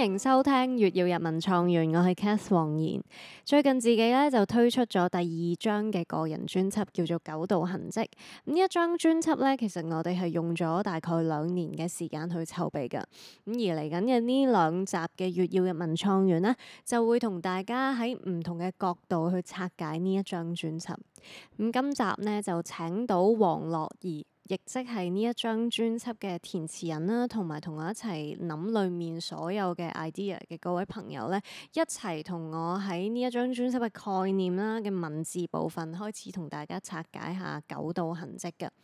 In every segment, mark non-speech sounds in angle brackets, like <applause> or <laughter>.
歡迎收聽《月曜日文創園》，我係 Cath 黃妍。最近自己咧就推出咗第二張嘅個人專輯，叫做《九道痕跡》。嗯、一張專輯呢，一張專輯咧，其實我哋係用咗大概兩年嘅時間去籌備噶。咁、嗯、而嚟緊嘅呢兩集嘅《月曜日文創園》呢，就會同大家喺唔同嘅角度去拆解呢一張專輯。咁、嗯、今集呢就請到王樂儀。亦即係呢一張專輯嘅填詞人啦，同埋同我一齊諗裡面所有嘅 idea 嘅各位朋友呢，一齊同我喺呢一張專輯嘅概念啦嘅文字部分開始同大家拆解下《九道痕跡》嘅、嗯。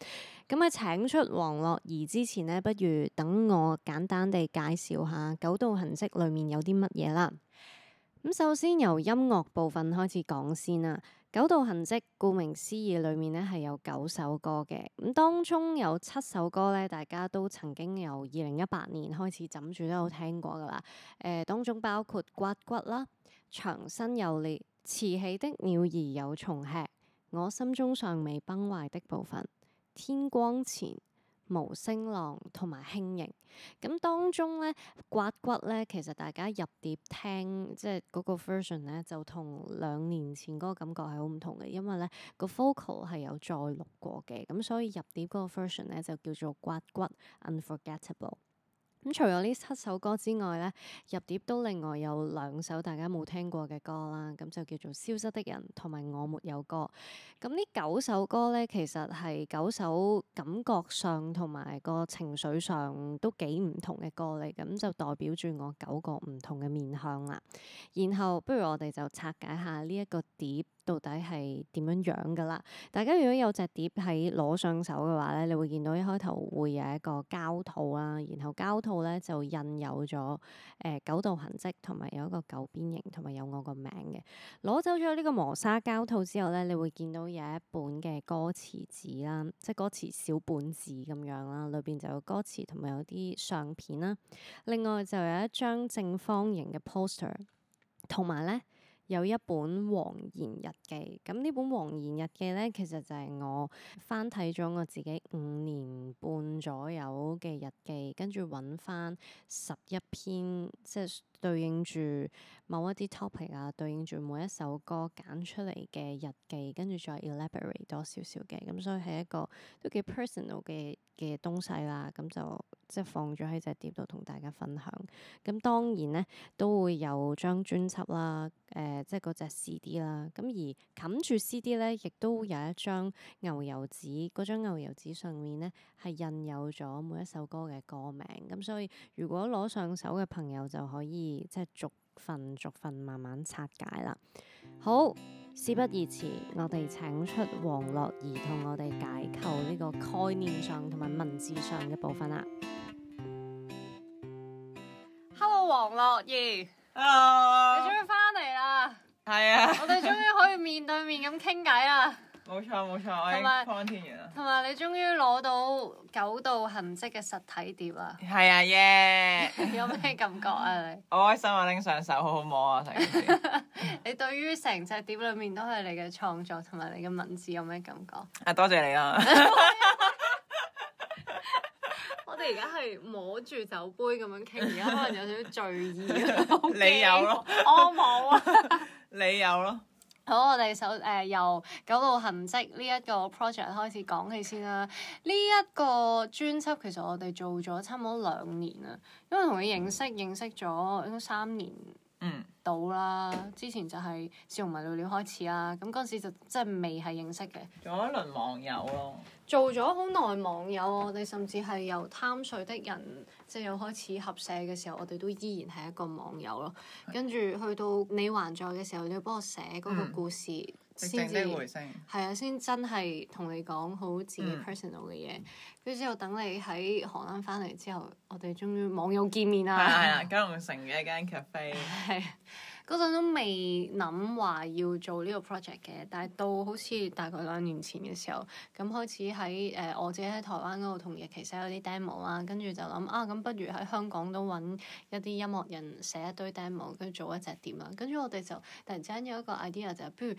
咁喺請出王樂儀之前呢，不如等我簡單地介紹下《九道痕跡》裏面有啲乜嘢啦。咁、嗯、首先由音樂部分開始講先啦。九道痕跡，顧名思義裡呢，裏面咧係有九首歌嘅。咁當中有七首歌呢，大家都曾經由二零一八年開始枕住都有聽過噶啦。誒、呃，當中包括刮骨啦、牆身有裂、遲起的鳥兒有蟲吃、我心中尚未崩壞的部分、天光前、無聲浪同埋輕盈，咁當中呢，刮骨呢，其實大家入碟聽即係嗰個 version 呢，就同兩年前嗰個感覺係好唔同嘅，因為呢個 vocal 係有再錄過嘅，咁所以入碟嗰個 version 呢，就叫做刮骨 unforgettable。Un 咁除咗呢七首歌之外呢，入碟都另外有兩首大家冇聽過嘅歌啦，咁就叫做《消失的人》同埋《我沒有歌》。咁呢九首歌呢，其實係九首感覺上同埋個情緒上都幾唔同嘅歌嚟，咁就代表住我九個唔同嘅面向啦。然後不如我哋就拆解下呢一個碟。到底係點樣樣噶啦？大家如果有隻碟喺攞上手嘅話呢，你會見到一開頭會有一個膠套啦，然後膠套呢就印有咗誒、呃、九道痕跡，同埋有一個九邊形，同埋有我個名嘅。攞走咗呢個磨砂膠套之後呢，你會見到有一本嘅歌詞紙啦，即係歌詞小本子咁樣啦，裏邊就有歌詞同埋有啲相片啦。另外就有一張正方形嘅 poster，同埋呢。有一本黃言日記，咁呢本黃言日記咧，其實就係我翻睇咗我自己五年半左右嘅日記，跟住揾翻十一篇，即係對應住某一啲 topic 啊，對應住每一首歌揀出嚟嘅日記，跟住再 elaborate 多少少嘅，咁所以係一個都幾 personal 嘅嘅東西啦，咁就。即係放咗喺隻碟度同大家分享。咁當然呢，都會有張專輯啦，誒、呃，即係嗰隻 CD 啦。咁而冚住 CD 呢，亦都有一張牛油紙。嗰張牛油紙上面呢，係印有咗每一首歌嘅歌名。咁所以如果攞上手嘅朋友就可以即係逐份逐份慢慢拆解啦。好，事不宜遲，我哋請出王樂儀同我哋解構呢個概念上同埋文字上嘅部分啦。王樂儀，Hello. 你終於翻嚟啦！係啊，我哋終於可以面對面咁傾偈啦！冇錯冇錯，錯有我應同埋你終於攞到九道痕跡嘅實體碟啊！係啊耶！e 有咩感覺啊？你好開心啊！拎上手，好好摸啊！成， <laughs> 你對於成隻碟裏面都係你嘅創作同埋你嘅文字有咩感覺？啊，多謝你啦！ <laughs> 而家係摸住酒杯咁樣傾，而家可能有少少醉意啊！ <laughs> 你有咯了，我冇啊！ <laughs> 你有咯了。好，我哋首誒由《九道痕跡》呢一個 project 開始講起先啦。呢、這、一個專輯其實我哋做咗差唔多兩年啦，因為同佢認識認識咗應該三年嗯到啦。之前就係笑容迷戀戀開始啦，咁嗰陣時就即係未係認識嘅，有一輪網友咯。做咗好耐網友，我哋甚至係由貪睡的人，即係又開始合寫嘅時候，我哋都依然係一個網友咯。是的 跟住去到你還在嘅時候，你要幫我寫嗰個故事先至，係啊、嗯，先才真係同你講好自己 personal 嘅嘢。跟住之後等你喺荷蘭翻嚟之後，我哋終於網友見面啦。係啊係啊，九龍城嘅一間 cafe。嗰陣都未諗話要做呢個 project 嘅，但係到好似大概兩年前嘅時候，咁開始喺誒、呃、我自己喺台灣嗰度同人其實有啲 demo 啦，跟住就諗啊咁，不如喺香港都揾一啲音樂人寫一堆 demo，跟住做一隻碟啦。跟住我哋就突然之間有一個 idea 就係，不如，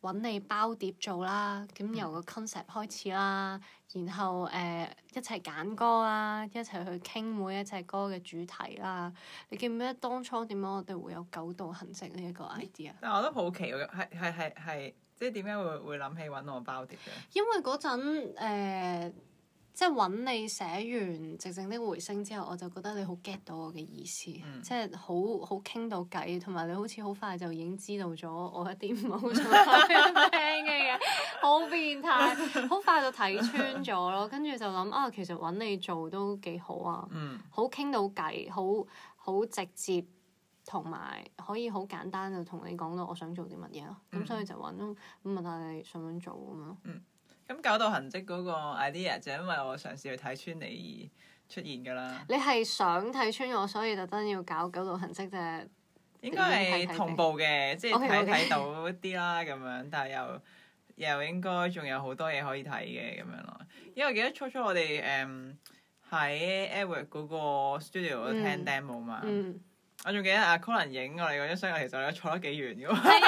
揾你包碟做啦，咁由個 concept 開始啦，然後誒、呃、一齊揀歌啦，一齊去傾每一隻歌嘅主題啦。你記唔記得當初點解我哋會有九道痕跡呢一個 idea？但係我都好奇，係係係係，即係點解會會諗起揾我包碟嘅？因為嗰陣即係揾你寫完《寂靜的回聲》之後，我就覺得你好 get 到我嘅意思，嗯、即係好好傾到偈，同埋你好似好快就已經知道咗我一啲唔好想聽嘅嘢，好 <laughs> <laughs> 變態，好 <laughs> 快就睇穿咗咯。跟住就諗啊，其實揾你做都幾好啊，好傾到偈，好好直接，同埋可以好簡單就同你講到我想做啲乜嘢啦。咁、嗯嗯、所以就揾問下你想唔想做咁樣。嗯咁九道痕跡嗰個 idea 就因為我嘗試去睇穿你而出現㗎啦。你係想睇穿我，所以特登要搞九道痕跡啫。應該係同步嘅，者即係睇睇到一啲啦咁樣，但係又又應該仲有好多嘢可以睇嘅咁樣咯。因為我記得初初我哋誒喺 Edward 嗰個 studio 度聽 demo 嘛，嗯嗯、我仲記得阿、啊、Colin 影我哋嗰張相，其實我坐得幾遠㗎喎。 <laughs> <laughs>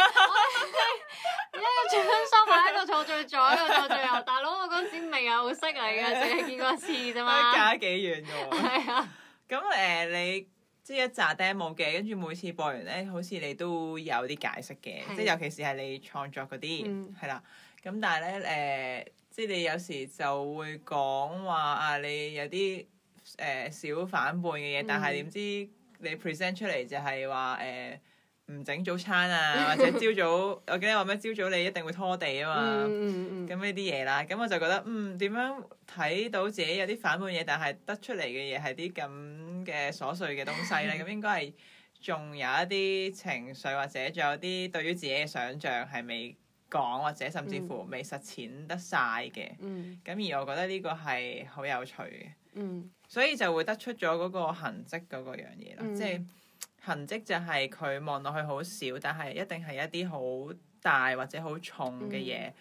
雙雙埋，一個坐最左，一個坐最右，大佬 <laughs> 我嗰陣時未有識嚟嘅，淨係見過一次啫嘛。隔得 <laughs> 幾遠嘅喎。 <laughs> <laughs> 係啊。咁誒、呃，你即係一扎 demo 嘅，跟住每次播完咧，好似你都有啲解釋嘅，即係是尤其是係你創作嗰啲，係啦、嗯。咁、啊、但係咧誒，即係你有時就會講話啊，你有啲誒、呃、小反叛嘅嘢，但係點知你 present 出嚟就係話誒。啊啊啊唔整早餐啊，或者朝早， <laughs> 我記得話咩？朝早你一定會拖地啊嘛。咁呢啲嘢啦，咁我就覺得，嗯，點樣睇到自己有啲反叛嘢，但係得出嚟嘅嘢係啲咁嘅瑣碎嘅東西咧，咁 <laughs> 應該係仲有一啲情緒，或者仲有啲對於自己嘅想像係未講，或者甚至乎未實踐得晒嘅。咁、嗯、而我覺得呢個係好有趣嘅。嗯、所以就會得出咗嗰個痕跡嗰個樣嘢咯，即係、嗯。嗯嗯痕跡就係佢望落去好少，但係一定係一啲好大或者好重嘅嘢、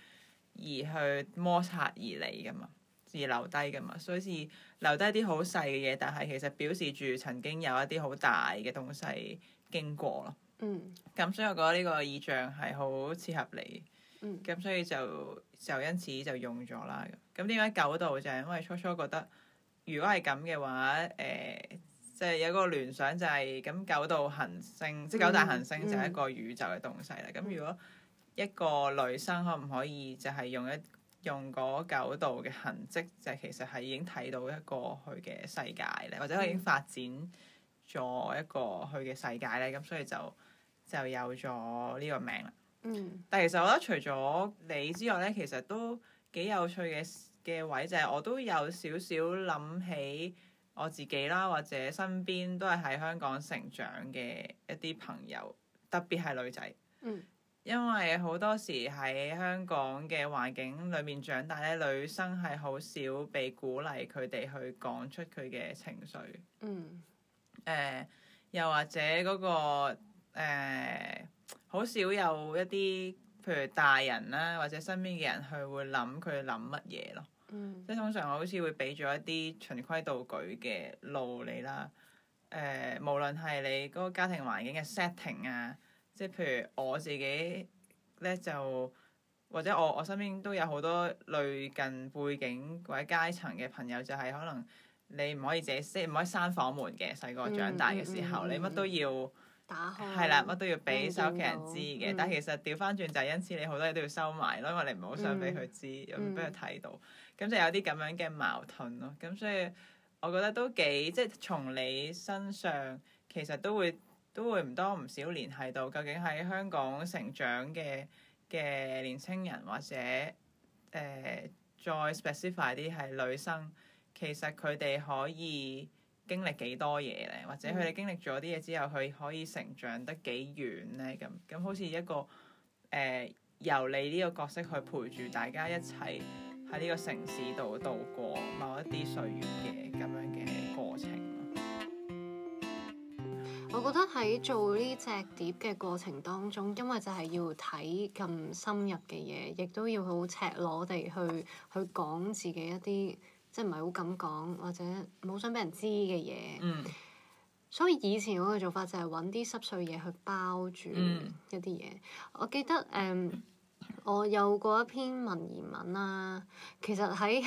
嗯、而去摩擦而嚟㗎嘛，而留低㗎嘛，所以係留低啲好細嘅嘢，但係其實表示住曾經有一啲好大嘅東西經過咯。咁、嗯、所以我覺得呢個意象係好切合你。咁、嗯、所以就就因此就用咗啦。咁點解九道就係、是、因為初初覺得如果係咁嘅話，誒、欸？即係有個聯想，就係咁九道行星，即係、嗯、九大行星就係一個宇宙嘅東西啦。咁、嗯、如果一個女生可唔可以就係用一用嗰九道嘅痕跡，就其實係已經睇到一個佢嘅世界咧，嗯、或者佢已經發展咗一個佢嘅世界咧。咁、嗯、所以就就有咗呢個名啦。嗯，但係其實我覺得除咗你之外咧，其實都幾有趣嘅嘅位就係我都有少少諗起。我自己啦，或者身邊都係喺香港成長嘅一啲朋友，特別係女仔。嗯，因為好多時喺香港嘅環境裡面長大咧，女生係好少被鼓勵佢哋去講出佢嘅情緒。嗯。呃，又或者嗰個，呃，好少有一啲，譬如大人啦，或者身邊嘅人去會諗佢諗乜嘢咯。即係、嗯、通常我好似會俾咗一啲循規蹈矩嘅路你啦，誒、呃，無論係你嗰個家庭環境嘅 setting 啊，即係譬如我自己咧就或者我我身邊都有好多類近背景或者階層嘅朋友，就係、是、可能你唔可以自己即係唔可以閂房門嘅，細個長大嘅時候、嗯嗯、你乜都要打開，係啦，乜都要俾晒屋企人知嘅。嗯、但係其實調翻轉就係因此你好多嘢都要收埋咯，因為你唔好想俾佢知，又唔俾佢睇到。嗯嗯嗯嗯嗯咁就有啲咁樣嘅矛盾咯，咁所以我覺得都幾即係從你身上其實都會都會唔多唔少聯繫到，究竟喺香港成長嘅嘅年輕人或者誒、呃、再 specific 啲係女生，其實佢哋可以經歷幾多嘢咧，或者佢哋經歷咗啲嘢之後，佢可以成長得幾遠咧？咁咁好似一個誒、呃、由你呢個角色去陪住大家一齊。喺呢個城市度度過某一啲歲月嘅咁樣嘅過程。我覺得喺做呢隻碟嘅過程當中，因為就係要睇咁深入嘅嘢，亦都要好赤裸地去去講自己一啲即係唔係好敢講或者冇想俾人知嘅嘢。嗯。所以以前我嘅做法就係揾啲濕碎嘢去包住一啲嘢。嗯。我記得誒。Um, 我有過一篇文言文啦、啊，其實喺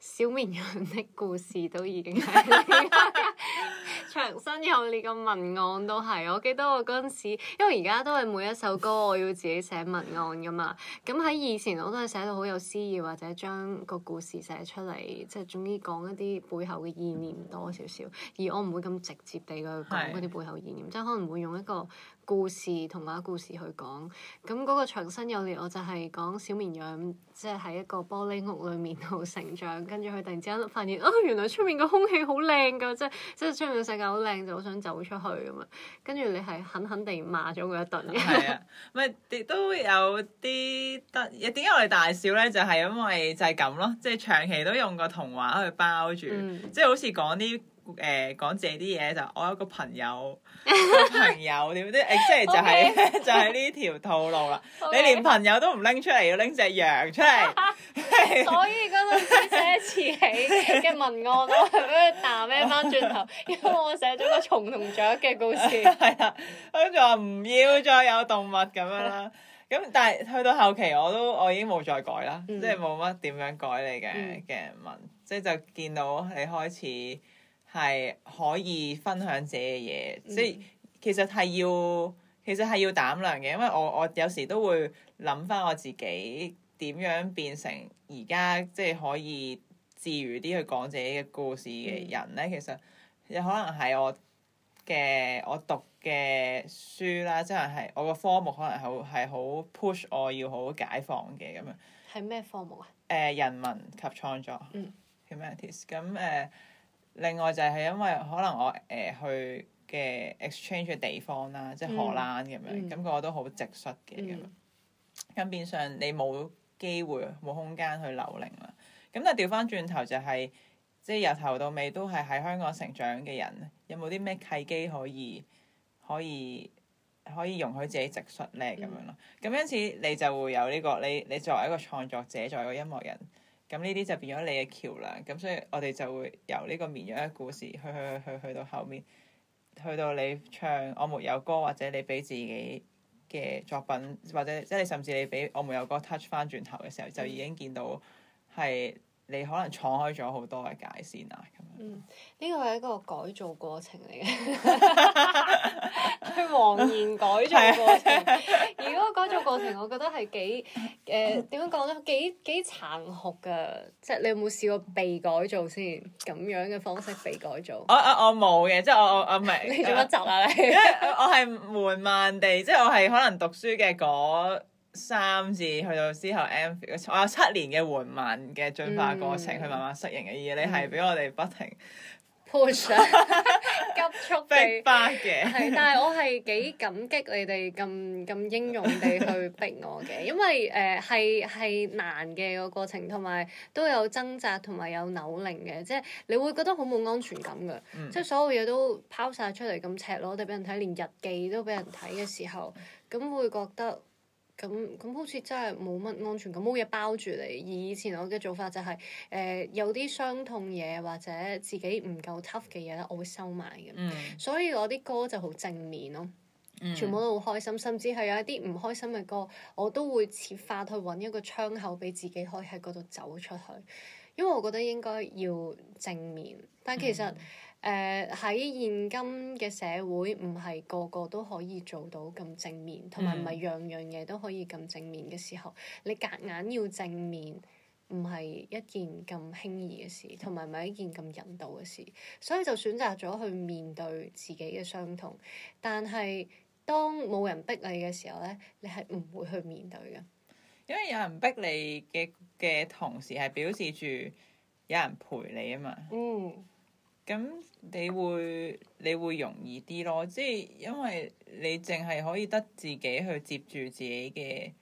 小綿羊的故事都已經係 <laughs> <laughs> 長身有列嘅文案都係，我記得我嗰陣時，因為而家都係每一首歌我要自己寫文案㗎嘛，咁喺以前我都係寫到好有詩意，或者將個故事寫出嚟，即係總之講一啲背後嘅意念多少少，而我唔會咁直接地去講嗰啲背後意念，是即係可能會用一個。故事同埋故事去講，咁嗰個長身幼獵我就係講小綿羊，即係喺一個玻璃屋裏面度成長，跟住佢突然之間發現哦，原來出面個空氣好靚噶，即係即係出面嘅世界好靚，就好想走出去咁啊。跟住你係狠狠地罵咗佢一頓嘅。係啊，咪亦 <laughs> 都有啲得，又點解我哋大笑咧？就係、是、因為就係咁咯，即、就、係、是、長期都用個童話去包住，即係、嗯、好似講啲。誒講自己啲嘢就我有個朋友，朋友點知？誒即係就係就係呢條套路啦！你連朋友都唔拎出嚟，要拎隻羊出嚟。所以嗰陣時寫一次起嘅文案，我係俾佢打翻翻轉頭，因為我寫咗個重蟲雀嘅故事。係啦，我諗住話唔要再有動物咁樣啦。咁但係去到後期我都我已經冇再改啦，即係冇乜點樣改你嘅嘅文，即係就見到你開始。係可以分享自己嘅嘢，即係其實係要其實係要膽量嘅，因為我我有時都會諗翻我自己點樣變成而家即係可以自如啲去講自己嘅故事嘅人咧，嗯、其實有可能係我嘅我讀嘅書啦，即係係我個科目可能係係好 push 我要好解放嘅咁樣。係咩科目啊？誒、呃，人文及創作。咁誒、嗯。另外就係因為可能我誒、呃、去嘅 exchange 嘅地方啦，即係荷蘭咁樣，咁、嗯嗯、個個都好直率嘅咁樣咁變相你冇機會，冇空間去留靈啦。咁但調翻轉頭，就係即係由頭到尾都係喺香港成長嘅人，有冇啲咩契機可以可以可以容許自己直率咧咁樣咯？咁因此你就會有呢、這個你你作為一個創作者，作為一個音樂人。咁呢啲就變咗你嘅橋梁，咁所以我哋就會由呢個綿羊嘅故事去去去去到後面，去到你唱《我沒有歌》或者你俾自己嘅作品，或者即係甚至你俾《我沒有歌》touch 翻轉頭嘅時候，就已經見到係。你可能闖開咗好多嘅界線啊！咁樣，呢個係一個改造過程嚟嘅，佢妄 <laughs> <laughs> 言改造過程。如果 <laughs> 改造過程，我覺得係幾誒點樣講咧？幾幾殘酷噶， <laughs> 即係你有冇試過被改造先咁樣嘅方式被改造？我我我冇嘅，即係我我我唔係。你做乜執啊你？因為我係緩 <laughs> 慢地，即係我係可能讀書嘅嗰。三次去到之後 m 我有七年嘅緩慢嘅進化過程，佢、嗯、慢慢適應嘅嘢，你係俾我哋不停 push 急速逼迫嘅。係， <laughs> 但係我係幾感激你哋咁咁英勇地去逼我嘅，因為誒係係難嘅個過程，同埋都有掙扎同埋有，有扭擰嘅，即係你會覺得好冇安全感㗎。嗯、即係所有嘢都拋晒出嚟咁赤裸地俾人睇，連日記都俾人睇嘅時候，咁會覺得。咁咁好似真係冇乜安全感，冇嘢包住你。而以前我嘅做法就係、是、誒、呃、有啲傷痛嘢或者自己唔夠 tough 嘅嘢咧，我會收埋嘅，嗯、所以我啲歌就好正面咯，全部都好開心，甚至係有一啲唔開心嘅歌，我都會設法去揾一個窗口俾自己可以喺嗰度走出去，因為我覺得應該要正面，但其實，嗯誒喺、uh, 現今嘅社會，唔係個個都可以做到咁正面，同埋唔係樣樣嘢都可以咁正面嘅時候，你夾硬要正面，唔係一件咁輕易嘅事，同埋唔係一件咁人道嘅事，所以就選擇咗去面對自己嘅傷痛。但係當冇人逼你嘅時候咧，你係唔會去面對嘅。因為有人逼你嘅嘅同時，係表示住有人陪你啊嘛。嗯。咁你會你會容易啲咯，即係因為你淨係可以得自己去接住自己嘅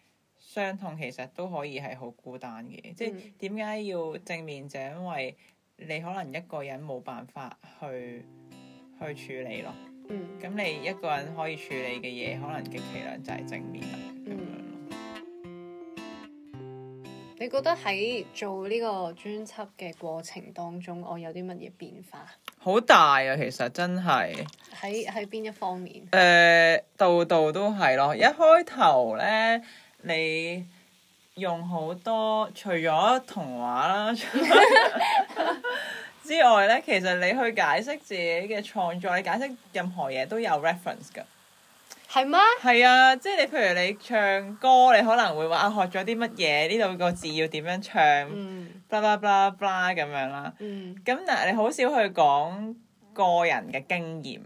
傷痛，其實都可以係好孤單嘅。即係點解要正面就因為你可能一個人冇辦法去去處理咯。咁、嗯、你一個人可以處理嘅嘢，可能極其量就係正面。你覺得喺做呢個專輯嘅過程當中，我有啲乜嘢變化？好大啊！其實真係。喺喺邊一方面？誒、呃，度度都係咯。一開頭咧，你用好多除咗童話啦 <laughs> <laughs> 之外咧，其實你去解釋自己嘅創作，你解釋任何嘢都有 reference 㗎。係咩？係啊，即係你譬如你唱歌，你可能會話啊，學咗啲乜嘢？呢度個字要點樣唱？嗯。巴拉巴拉巴拉咁樣啦。嗯。咁嗱，你好少去講個人嘅經驗。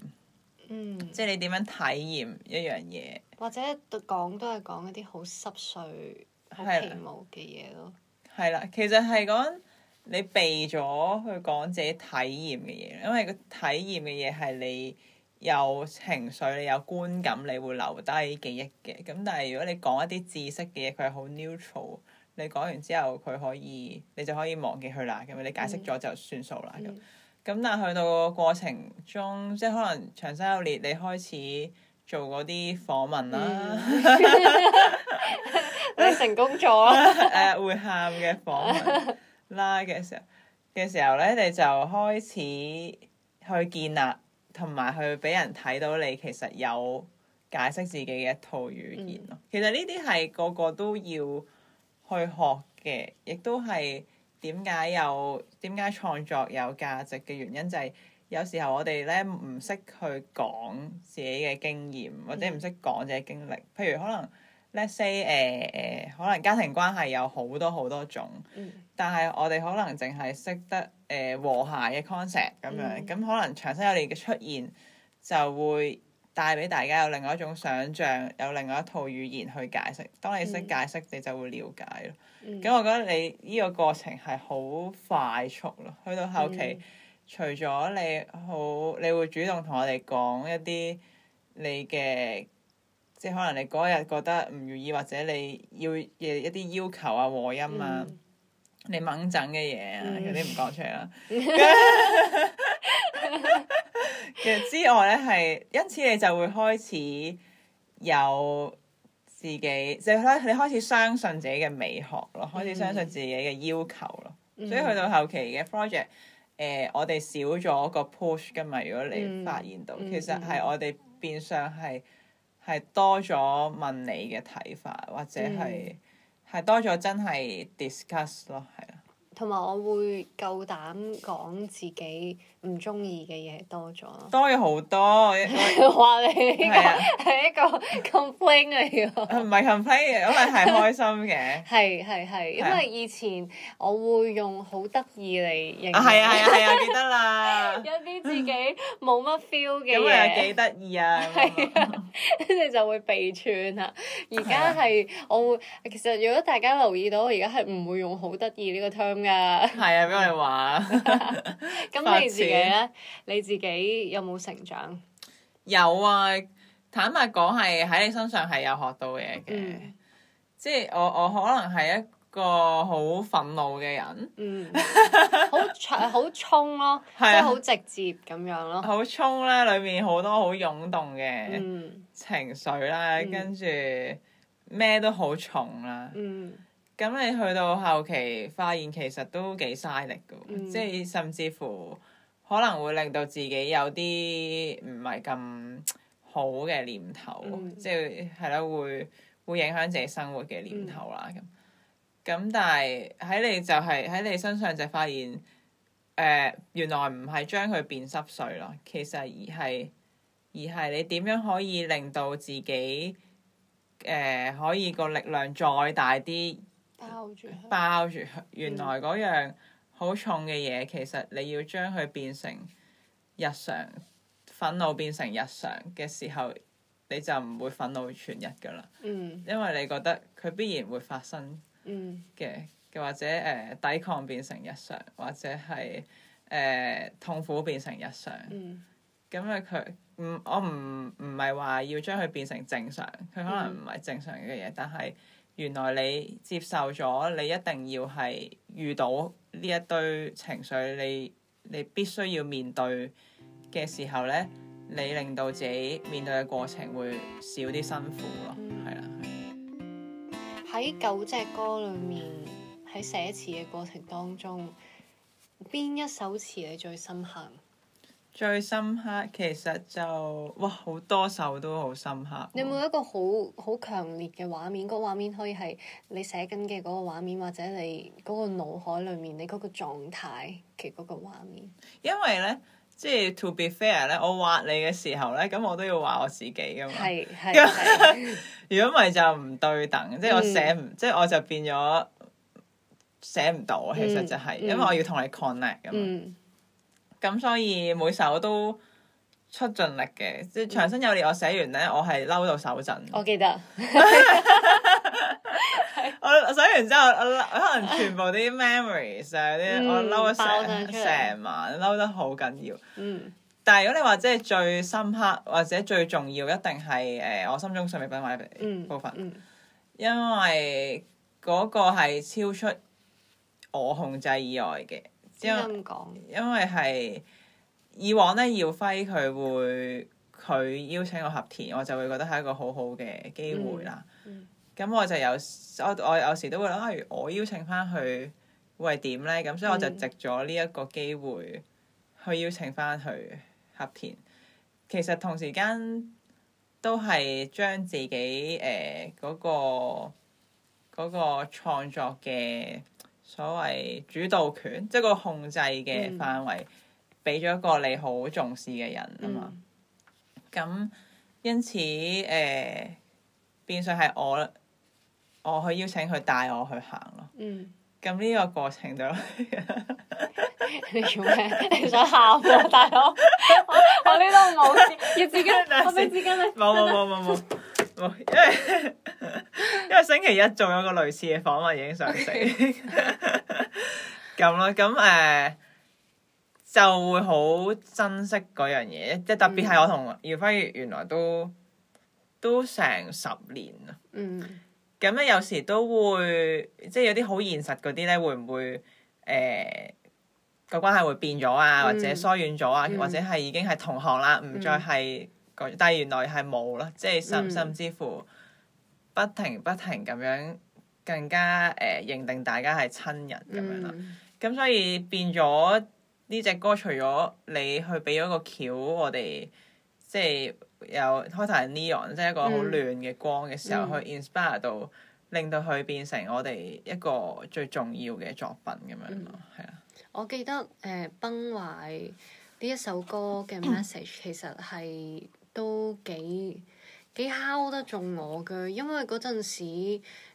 嗯。即係你點樣體驗一樣嘢？或者講都係講一啲好濕碎、好虛無嘅嘢咯。係啦、啊啊，其實係講你避咗去講自己體驗嘅嘢，因為個體驗嘅嘢係你。有情緒，你有觀感，你會留低記憶嘅。咁但係如果你講一啲知識嘅嘢，佢係好 neutral。你講完之後，佢可以，你就可以忘記佢啦。咁你解釋咗就算數啦。咁咁、嗯，但係去到個過程中，即係可能長生有裂，你開始做嗰啲訪問啦。你成功咗。誒、 <laughs> 呃，會喊嘅訪問 <laughs> 啦嘅時候嘅時候咧，你就開始去建立。同埋去俾人睇到你其實有解釋自己嘅一套語言咯，嗯、其實呢啲係個個都要去學嘅，亦都係點解有點解創作有價值嘅原因就係、是、有時候我哋咧唔識去講自己嘅經驗或者唔識講自己經歷，嗯、譬如可能 let's say 誒、呃、誒，可能家庭關係有好多好多種，但係我哋可能淨係識得。誒和諧嘅 concept 咁樣，咁、嗯、可能場上有你嘅出現就會帶俾大家有另外一種想像，有另外一套語言去解釋。當你識解釋，嗯、你就會了解咯。咁、嗯、我覺得你呢個過程係好快速咯，去到後期，嗯、除咗你好，你會主動同我哋講一啲你嘅，即係可能你嗰日覺得唔如意或者你要嘅一啲要求啊、和音啊。嗯你掹整嘅嘢啊，有啲唔講出嚟咯。 <laughs> <laughs> 其實之外咧，係因此你就會開始有自己，即係咧，你開始相信自己嘅美學咯，嗯、開始相信自己嘅要求咯。嗯、所以去到後期嘅 project，誒、呃，我哋少咗個 push 噶嘛。如果你發現到，嗯嗯、其實係我哋變相係係多咗問你嘅睇法，或者係。嗯係多咗，真係 discuss 咯，係啦。同埋我會夠膽講自己唔中意嘅嘢多咗。多咗好多，話 <laughs> 你係這、啊、一個 complain 嚟㗎。唔係 complain，因為係開心嘅。係係係，啊、因為以前我會用好得意嚟形容。係啊係啊，啊，啊記得啦。有啲 <laughs> 自己冇乜 feel 嘅。咁又幾得意啊！係、 <laughs> 啊，跟住就會被串啦。而家係我會，其實如果大家留意到，我而家係唔會用好得意呢個 term 嘅。係啊，俾我哋話。咁你自己咧？你自己有冇成長？有啊！坦白講係喺你身上係有學到嘢嘅，即係我我可能係一個好憤怒嘅人。嗯。好好衝咯，即係好直接咁樣咯。好衝咧！裏面好多好湧動嘅情緒啦，跟住咩都好重啦。咁你去到後期發現，其實都幾嘥力㗎，嗯、即係甚至乎可能會令到自己有啲唔係咁好嘅念頭，嗯、即係係咯，會會影響自己生活嘅念頭啦。咁咁、嗯、但係喺你就係喺你身上就發現，誒、呃、原來唔係將佢變濕碎咯，其實而係而係你點樣可以令到自己誒、呃、可以個力量再大啲，包住，包住原來嗰樣好重嘅嘢，嗯、其實你要將佢變成日常憤怒變成日常嘅時候，你就唔會憤怒全日噶啦。嗯、因為你覺得佢必然會發生嘅、嗯，或者誒、呃、抵抗變成日常，或者係誒、呃、痛苦變成日常。嗯。咁啊，佢、嗯、唔，我唔唔係話要將佢變成正常，佢可能唔係正常嘅嘢，但係。原來你接受咗，你一定要係遇到呢一堆情緒，你你必須要面對嘅時候呢，你令到自己面對嘅過程會少啲辛苦咯，係啦、嗯。喺九隻歌裡面，喺寫詞嘅過程當中，邊一首詞你最深刻？最深刻其實就哇好多首都好深刻、啊。你有冇一個好好強烈嘅畫面？嗰、那個、畫面可以係你寫緊嘅嗰個畫面，或者你嗰個腦海裡面你嗰個狀態嘅嗰個畫面。因為咧，即係 to be fair 咧，我畫你嘅時候咧，咁我都要畫我自己噶嘛。如果唔係就唔對等，即係我寫唔、嗯、即係我就變咗寫唔到，其實就係、是嗯嗯、因為我要同你 connect 噶嘛。嗯。咁所以每首都出盡力嘅，即、嗯、長身有烈我寫完咧，我係嬲到手震。我記得。我寫完之後，我可能全部啲 memories 上啲，唉我嬲一成成晚，嬲得好緊要。嗯、但係如果你話即係最深刻或者最重要，一定係誒、呃、我心中上面品嚐部分，嗯嗯、因為嗰個係超出我控制以外嘅。因為因為係以往咧，耀輝佢會佢邀請我合田，我就會覺得係一個好好嘅機會啦。咁、嗯嗯、我就有我我有時都會諗，如、啊、我邀請翻去會係點呢？」咁所以我就藉咗呢一個機會去邀請翻去合田。嗯、其實同時間都係將自己誒嗰、呃那個嗰、那個創作嘅。所謂主導權，即係個控制嘅範圍，俾咗、嗯、一個你好重視嘅人啊嘛。咁、嗯、因此誒、呃，變相係我我去邀請佢帶我去行咯。咁呢、嗯、個過程就係、 <laughs> 你叫咩？你想喊喎、啊，大佬！ <laughs> 我我呢度冇要自己，等等我俾自己，你等，冇冇冇冇冇。因為 <laughs> 因為星期一做咗個類似嘅訪問已經想死 Okay. <laughs> <laughs> 咁咯，咁、uh, 誒就會好珍惜嗰樣嘢，即係、嗯、特別係我同耀輝原來都都成十年啦。咁咧、嗯、有時都會即係、就是、有啲好現實嗰啲咧，會唔會誒個關係會變咗啊，嗯、或者疏遠咗啊，嗯、或者係已經係同行啦，唔再係。嗯但係原來係冇咯，即係甚甚至乎不停不停咁樣更加誒、呃、認定大家係親人咁樣啦。咁、嗯、所以變咗呢隻歌，除咗你去俾咗個橋，我哋即係有開頭係 Neon，即係一個好亂嘅光嘅時候，嗯、去 inspire 到令到佢變成我哋一個最重要嘅作品咁樣咯，係、嗯、啊。我記得誒、呃、崩壞呢一首歌嘅 message 其實係、嗯。都幾幾敲得中我㗎，因為嗰陣時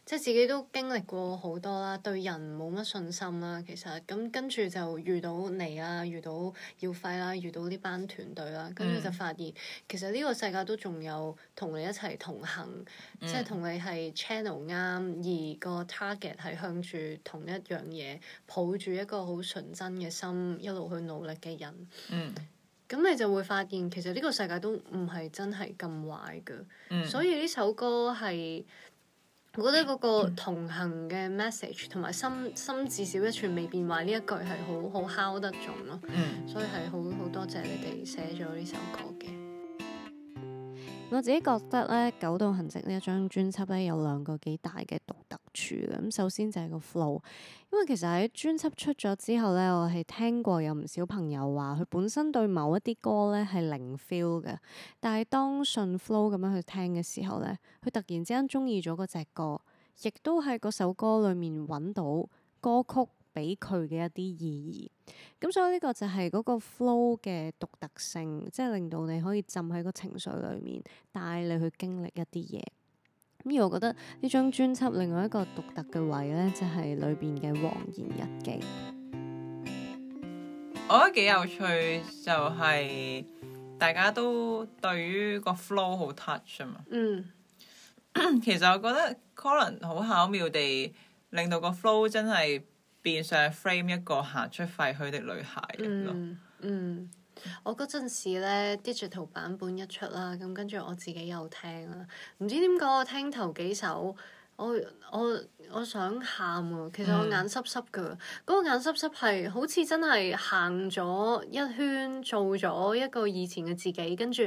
即係自己都經歷過好多啦，對人冇乜信心啦，其實咁跟住，就遇到你啦，遇到耀輝啦，遇到呢班團隊啦，跟住就發現、嗯、其實呢個世界都仲有同你一齊同行，即係同你係 channel 啱，而個 target 係向住同一樣嘢，抱住一個好純真嘅心，一路去努力嘅人。嗯咁你就會發現其實呢個世界都唔係真係咁壞，嘅、嗯，所以呢首歌係我覺得個同行嘅 message 同埋、嗯、心心至少一寸未變壞呢一句係好好敲得中咯，嗯、所以係好好多謝你哋寫咗呢首歌嘅。我自己覺得咧，《九道痕跡》呢一張專輯咧有兩個幾大嘅洞。咁，首先就係個 flow，因為其實喺專輯出咗之後呢，我係聽過有唔少朋友話，佢本身對某一啲歌呢係零 feel 嘅，但係當順 flow 咁樣去聽嘅時候呢，佢突然之間中意咗嗰隻歌，亦都喺嗰首歌裡面揾到歌曲俾佢嘅一啲意義。咁所以呢個就係嗰個 flow 嘅獨特性，即係令到你可以浸喺個情緒裡面，帶你去經歷一啲嘢。咁而我覺得呢張專輯另外一個獨特嘅位咧，就係裏邊嘅《黃言日記》。我覺得幾有趣，就係大家都對於個 flow 好 touch 啊嘛。嗯。其實我覺得可能好巧妙地令到個 flow 真係變相係 frame 一個行出廢墟的女孩嚟咯。嗯。嗯。我嗰陣時咧，digital 版本一出啦，咁跟住我自己又聽啦，唔知點講，我聽頭幾首，我我我想喊喎，其實我眼濕濕㗎，嗰、嗯、個眼濕濕係好似真係行咗一圈，做咗一個以前嘅自己，跟住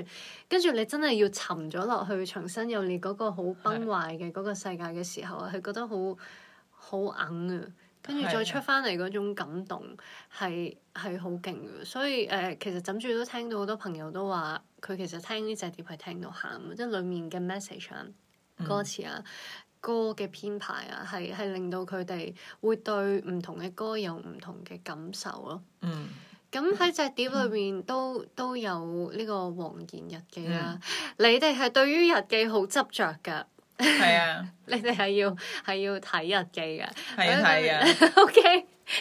跟住你真係要沉咗落去，重新有你嗰個好崩壞嘅嗰個世界嘅時候啊，係的覺得好好硬啊！跟住再出翻嚟嗰種感動係係好勁嘅，所以誒、呃，其實枕住都聽到好多朋友都話，佢其實聽呢隻碟係聽到喊，即、就、係、是、裡面嘅 message 啊、嗯、歌詞啊、歌嘅編排啊，係係令到佢哋會對唔同嘅歌有唔同嘅感受咯、啊。嗯，咁喺隻碟裏面都、嗯、都有呢個黃言日記啦、啊。嗯、你哋係對於日記好執着噶？係啊， <laughs> 你哋係要係要睇日記嘅，係啊係啊 <laughs> ，OK，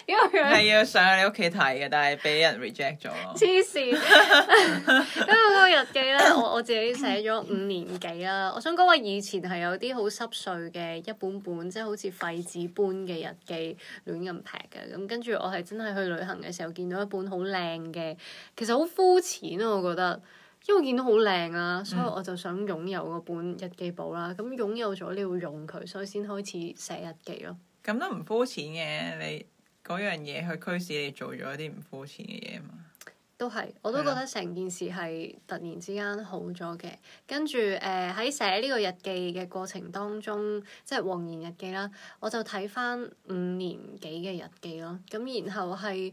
因為係要上你屋企睇嘅，但係俾人 reject 咗。黐線， <laughs> 因為嗰個日記咧， <coughs> 我我自己寫咗五年幾啦。我想講話以前係有啲好濕碎嘅一本本，即係好似廢紙般嘅日記亂咁劈嘅。咁跟住我係真係去旅行嘅時候見到一本好靚嘅，其實好膚淺啊，我覺得。因為我見到好靚啊，所以我就想擁有嗰本日記簿啦。咁、嗯、擁有咗，你要用佢，所以先開始寫日記咯。咁都唔膚淺嘅，你嗰樣嘢去驅使你做咗一啲唔膚淺嘅嘢嘛？都係，我都覺得成件事係突然之間好咗嘅。跟住誒，喺、呃、寫呢個日記嘅過程當中，即、就、係、是、黃言日記啦，我就睇翻五年幾嘅日記咯。咁然後係。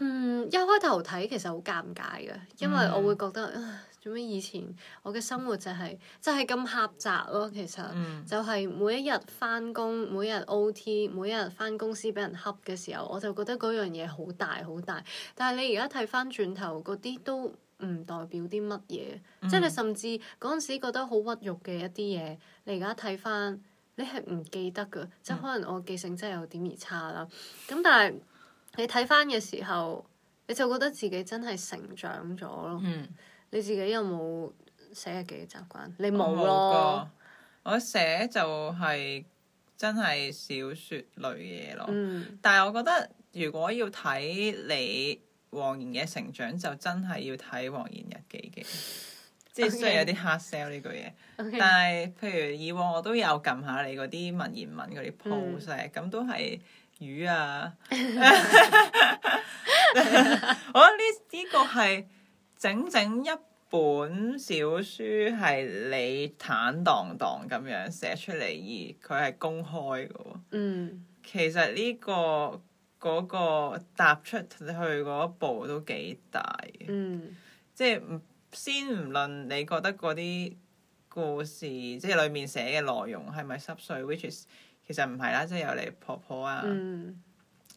嗯，一開頭睇其實好尷尬嘅，因為我會覺得做咩、嗯、以前我嘅生活就係、是、就係、是、咁狹窄咯、啊，其實就係每一日翻工，每一日 OT，每一日翻公司俾人恰嘅時候，我就覺得嗰樣嘢好大好大。但係你而家睇翻轉頭，嗰啲都唔代表啲乜嘢，即係、嗯、你甚至嗰陣時覺得好屈辱嘅一啲嘢，你而家睇翻你係唔記得噶，即、就、係、是、可能我記性真係有點兒差啦。咁但係。你睇翻嘅時候，你就覺得自己真係成長咗咯。嗯、你自己有冇寫日記嘅習慣？你冇咯。我寫就係真係小説類嘢咯。嗯、但係我覺得，如果要睇你黃妍嘅成長，就真係要睇黃妍日記嘅，即係雖然有啲 hard sell 呢句嘢。Okay. 但係，譬如以往我都有撳下你嗰啲文言文嗰啲 post，咁都係。魚啊！我覺得呢呢個係整整一本小書，係你坦蕩蕩咁樣寫出嚟，而佢係公開嘅喎。嗯。其實呢個嗰個踏出去嗰一步都幾大嘅。嗯。即係唔先唔論，你覺得嗰啲故事即係裡面寫嘅內容係咪濕碎，which is 其實唔係啦，即係有你婆婆啊，嗯、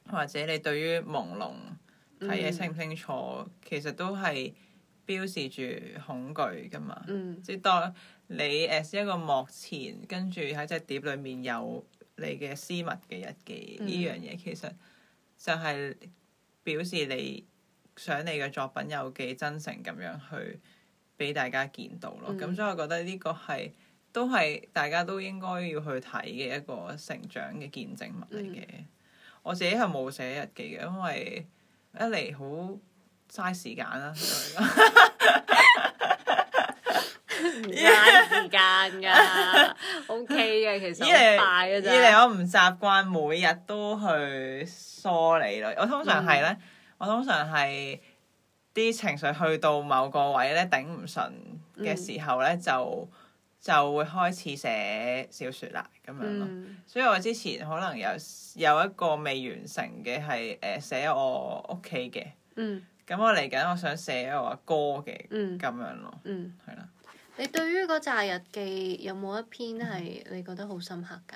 或者你對於朦朧睇嘢清唔清楚，嗯、其實都係表示住恐懼噶嘛。嗯、即當你誒一個幕前，跟住喺隻碟裏面有你嘅私密嘅日記，呢、嗯、樣嘢其實就係表示你想你嘅作品有幾真誠咁樣去俾大家見到咯。咁、嗯、所以我覺得呢個係。都係大家都應該要去睇嘅一個成長嘅見證物嚟嘅。我自己係冇寫日記嘅，因為一嚟好嘥時間啦，唔嘥時間㗎 <laughs> ，OK 嘅其實。一嚟，二嚟我唔習慣每日都去梳理咯。我通常係咧、嗯，我通常係啲情緒去到某個位咧頂唔順嘅時候咧、嗯、就。就就會開始寫小説啦，咁樣咯。嗯、所以我之前可能有有一個未完成嘅係誒寫我屋企嘅。嗯。咁我嚟緊，我想寫我阿哥嘅。嗯。咁樣咯。嗯。係啦吧。你對於嗰紮日記有冇一篇係你覺得好深刻㗎？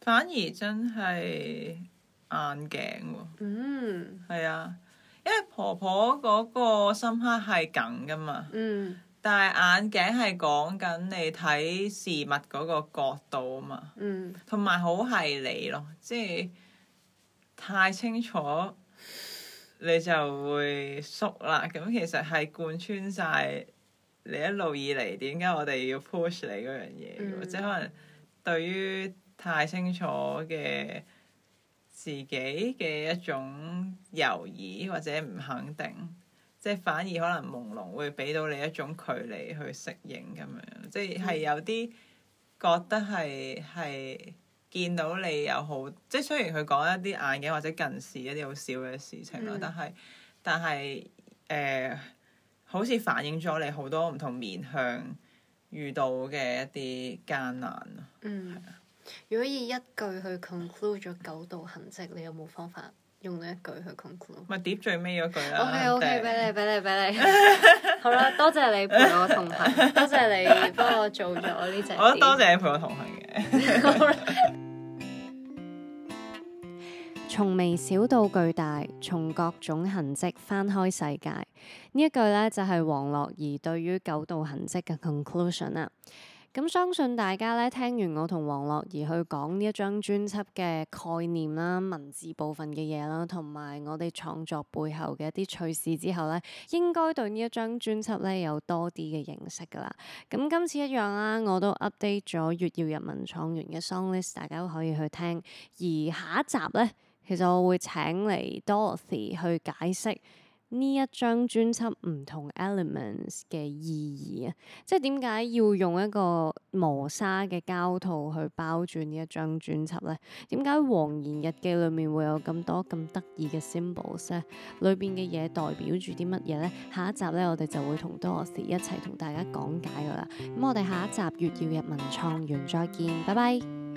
反而真係硬頸喎。嗯。係啊，因為婆婆嗰個深刻係梗㗎嘛。嗯。戴眼鏡係講緊你睇事物嗰個角度啊嘛，同埋好係你咯，即係太清楚你就會縮啦。咁其實係貫穿晒你一路以嚟點解我哋要 push 你嗰樣嘢，嗯、或者可能對於太清楚嘅自己嘅一種猶疑或者唔肯定。即係反而可能朦朧會俾到你一種距離去適應咁樣，即係有啲覺得係係、嗯、見到你有好，即係雖然佢講一啲眼鏡或者近視一啲好少嘅事情啦、嗯，但係但係誒，好似反映咗你好多唔同面向遇到嘅一啲艱難咯。嗯，係啊，如果以一句去 conclude 咗九道痕跡，你有冇方法？用呢一句去 conclude，唔係碟最尾嗰句啦。O K O K，俾你俾你俾你，你你 <laughs> <laughs> 好啦，多謝你陪我同行，多謝你幫我做咗呢隻。我覺得多謝你陪我同行嘅。 <laughs> <laughs> 從微小到巨大，從各種痕跡翻開世界，呢一句咧就係、是、王樂儀對於九道痕跡嘅 conclusion 啦。咁相信大家咧聽完我同王樂儀去講呢一張專輯嘅概念啦、文字部分嘅嘢啦，同埋我哋創作背後嘅一啲趣事之後咧，應該對呢一張專輯咧有多啲嘅認識噶啦。咁今次一樣啦，我都 update 咗《月曜日文創園》嘅 song list，大家都可以去聽。而下一集咧，其實我會請嚟 Dorothy 去解釋。呢一張專輯唔同 elements 嘅意義啊，即係點解要用一個磨砂嘅膠套去包住呢一張專輯呢？點解《黃言日記》裏面會有咁多咁得意嘅 symbols 咧？裏邊嘅嘢代表住啲乜嘢呢？下一集呢，我哋就會同多士一齊同大家講解噶啦。咁我哋下一集月曜日文創園再見，拜拜。